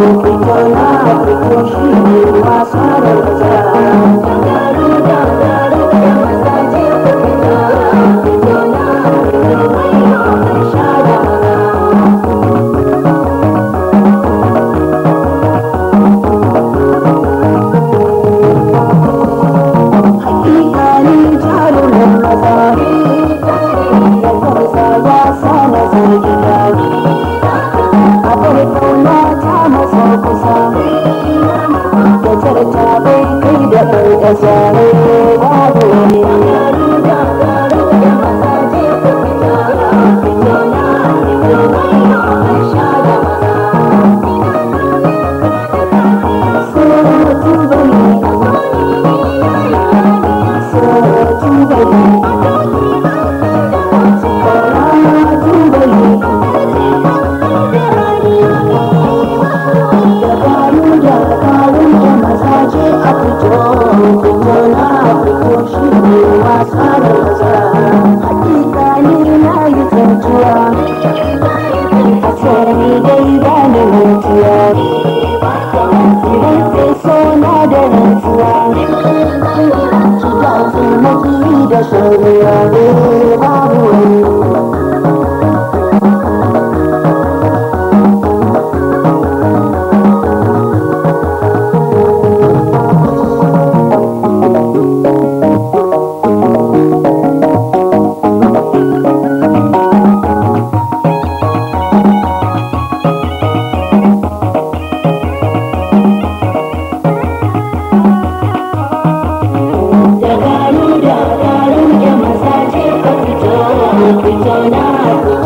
Africana, Africana, Africana, Africana, Oh. dai ba ni mantuwa idan da rantsuwa ki da da shari'a ba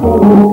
Oh.